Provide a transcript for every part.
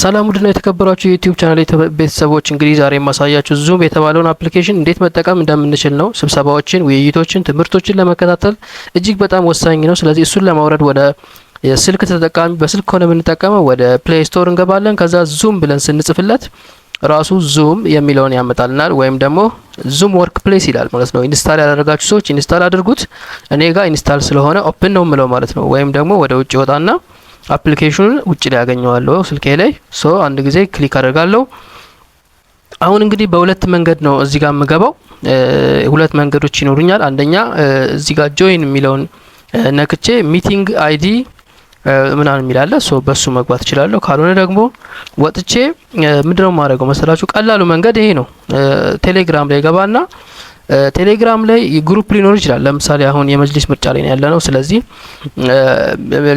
ሰላም ውድና የተከበራችሁ የዩቲዩብ ቻናል ቤተሰቦች እንግዲህ ዛሬ የማሳያችሁ ዙም የተባለውን አፕሊኬሽን እንዴት መጠቀም እንደምንችል ነው። ስብሰባዎችን፣ ውይይቶችን፣ ትምህርቶችን ለመከታተል እጅግ በጣም ወሳኝ ነው። ስለዚህ እሱን ለማውረድ ወደ የስልክ ተጠቃሚ በስልክ ከሆነ የምንጠቀመው ወደ ፕሌይ ስቶር እንገባለን። ከዛ ዙም ብለን ስንጽፍለት ራሱ ዙም የሚለውን ያመጣልናል። ወይም ደግሞ ዙም ወርክ ፕሌስ ይላል ማለት ነው። ኢንስታል ያደረጋችሁ ሰዎች ኢንስታል አድርጉት። እኔ ጋር ኢንስታል ስለሆነ ኦፕን ነው የምለው ማለት ነው። ወይም ደግሞ ወደ ውጭ ይወጣና አፕሊኬሽኑን ውጭ ላይ ያገኘዋለሁ ስልኬ ላይ ሶ አንድ ጊዜ ክሊክ አደርጋለሁ። አሁን እንግዲህ በሁለት መንገድ ነው እዚህ ጋር የምገባው። ሁለት መንገዶች ይኖሩኛል። አንደኛ እዚህ ጋር ጆይን የሚለውን ነክቼ ሚቲንግ አይዲ ምናምን የሚላለ ሶ በሱ መግባት እችላለሁ። ካልሆነ ደግሞ ወጥቼ ምንድነው ማድረገው መሰላችሁ? ቀላሉ መንገድ ይሄ ነው። ቴሌግራም ላይ ገባና ቴሌግራም ላይ ግሩፕ ሊኖር ይችላል። ለምሳሌ አሁን የመጅሊስ ምርጫ ላይ ያለ ነው። ስለዚህ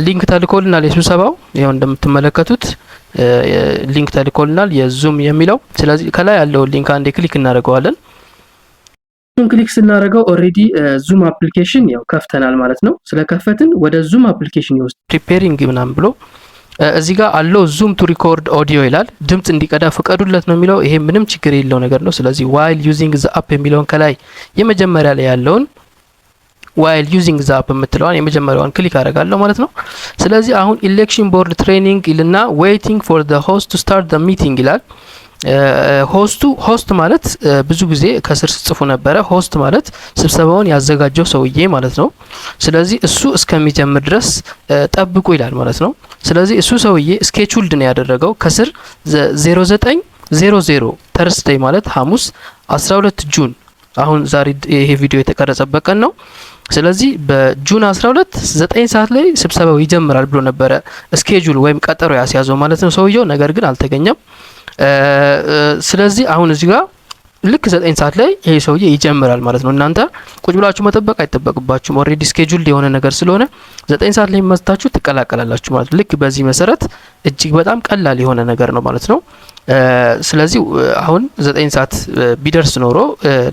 ሊንክ ተልኮልናል የስብሰባው ይኸው እንደምትመለከቱት ሊንክ ተልኮልናል የዙም የሚለው ስለዚህ ከላይ ያለውን ሊንክ አንዴ ክሊክ እናደርገዋለን። ዙም ክሊክ ስናደርገው ኦሬዲ ዙም አፕሊኬሽን ያው ከፍተናል ማለት ነው። ስለከፈትን ወደ ዙም አፕሊኬሽን ይወስድ ፕሪፔሪንግ ምናምን ብሎ እዚህ ጋር አለው ዙም ቱ ሪኮርድ ኦዲዮ ይላል። ድምጽ እንዲቀዳ ፍቀዱለት ነው የሚለው። ይሄ ምንም ችግር የለው ነገር ነው። ስለዚህ ዋይል ዩዚንግ ዘ አፕ የሚለውን ከላይ የመጀመሪያ ላይ ያለውን ዋይል ዩዚንግ ዘ አፕ የምትለዋን የመጀመሪያዋን ክሊክ አደርጋለሁ ማለት ነው። ስለዚህ አሁን ኢሌክሽን ቦርድ ትሬኒንግ ይልና ዌይቲንግ ፎር ዘ ሆስት ቱ ስታርት ዘ ሚቲንግ ይላል። ሆስቱ ሆስት ማለት ብዙ ጊዜ ከስር ስጽፉ ነበረ። ሆስት ማለት ስብሰባውን ያዘጋጀው ሰውዬ ማለት ነው። ስለዚህ እሱ እስከሚጀምር ድረስ ጠብቁ ይላል ማለት ነው። ስለዚህ እሱ ሰውዬ ስኬቹልድ ነው ያደረገው ከስር 0900 00 ተርስዴይ ማለት ሐሙስ 12 ጁን አሁን ዛሬ ይሄ ቪዲዮ የተቀረጸበት ቀን ነው። ስለዚህ በጁን 12 9 ሰዓት ላይ ስብሰባው ይጀምራል ብሎ ነበረ ስኬጁል ወይም ቀጠሮ ያስያዘው ማለት ነው ሰውየው። ነገር ግን አልተገኘም። ስለዚህ አሁን እዚህ ጋር ልክ ዘጠኝ ሰዓት ላይ ይሄ ሰውዬ ይጀምራል ማለት ነው። እናንተ ቁጭ ብላችሁ መጠበቅ አይጠበቅባችሁም። ኦልሬዲ ስኬጁል የሆነ ነገር ስለሆነ ዘጠኝ ሰዓት ላይ መታችሁ ትቀላቀላላችሁ ማለት ነው። ልክ በዚህ መሰረት እጅግ በጣም ቀላል የሆነ ነገር ነው ማለት ነው። ስለዚህ አሁን ዘጠኝ ሰዓት ቢደርስ ኖሮ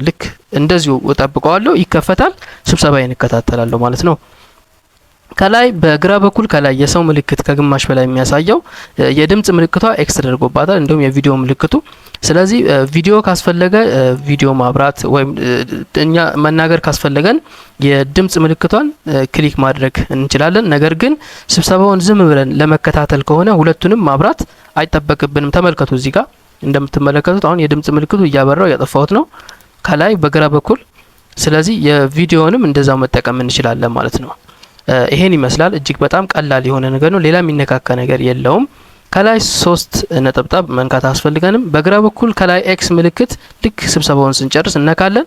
ልክ እንደዚሁ ጠብቀዋለሁ፣ ይከፈታል፣ ስብሰባ እከታተላለሁ ማለት ነው። ከላይ በግራ በኩል ከላይ የሰው ምልክት ከግማሽ በላይ የሚያሳየው የድምጽ ምልክቷ ኤክስ ተደርጎባታል። እንዲሁም የቪዲዮ ምልክቱ ስለዚህ ቪዲዮ ካስፈለገ ቪዲዮ ማብራት ወይም እኛ መናገር ካስፈለገን የድምጽ ምልክቷን ክሊክ ማድረግ እንችላለን። ነገር ግን ስብሰባውን ዝም ብለን ለመከታተል ከሆነ ሁለቱንም ማብራት አይጠበቅብንም። ተመልከቱ፣ እዚህ ጋር እንደምትመለከቱት አሁን የድምጽ ምልክቱ እያበራው እያጠፋሁት ነው ከላይ በግራ በኩል። ስለዚህ የቪዲዮንም እንደዛው መጠቀም እንችላለን ማለት ነው። ይሄን ይመስላል። እጅግ በጣም ቀላል የሆነ ነገር ነው። ሌላ የሚነካካ ነገር የለውም። ከላይ ሶስት ነጠብጣብ መንካት አስፈልገንም። በግራ በኩል ከላይ ኤክስ ምልክት ልክ ስብሰባውን ስንጨርስ እነካለን።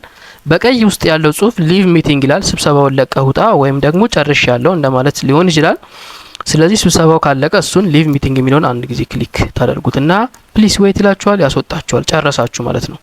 በቀይ ውስጥ ያለው ጽሁፍ ሊቭ ሚቲንግ ይላል። ስብሰባውን ለቀህ ውጣ ወይም ደግሞ ጨርሽ ያለው እንደማለት ሊሆን ይችላል። ስለዚህ ስብሰባው ካለቀ እሱን ሊቭ ሚቲንግ የሚለውን አንድ ጊዜ ክሊክ ታደርጉትና ፕሊስ ወይት ይላችኋል፣ ያስወጣችኋል። ጨረሳችሁ ማለት ነው።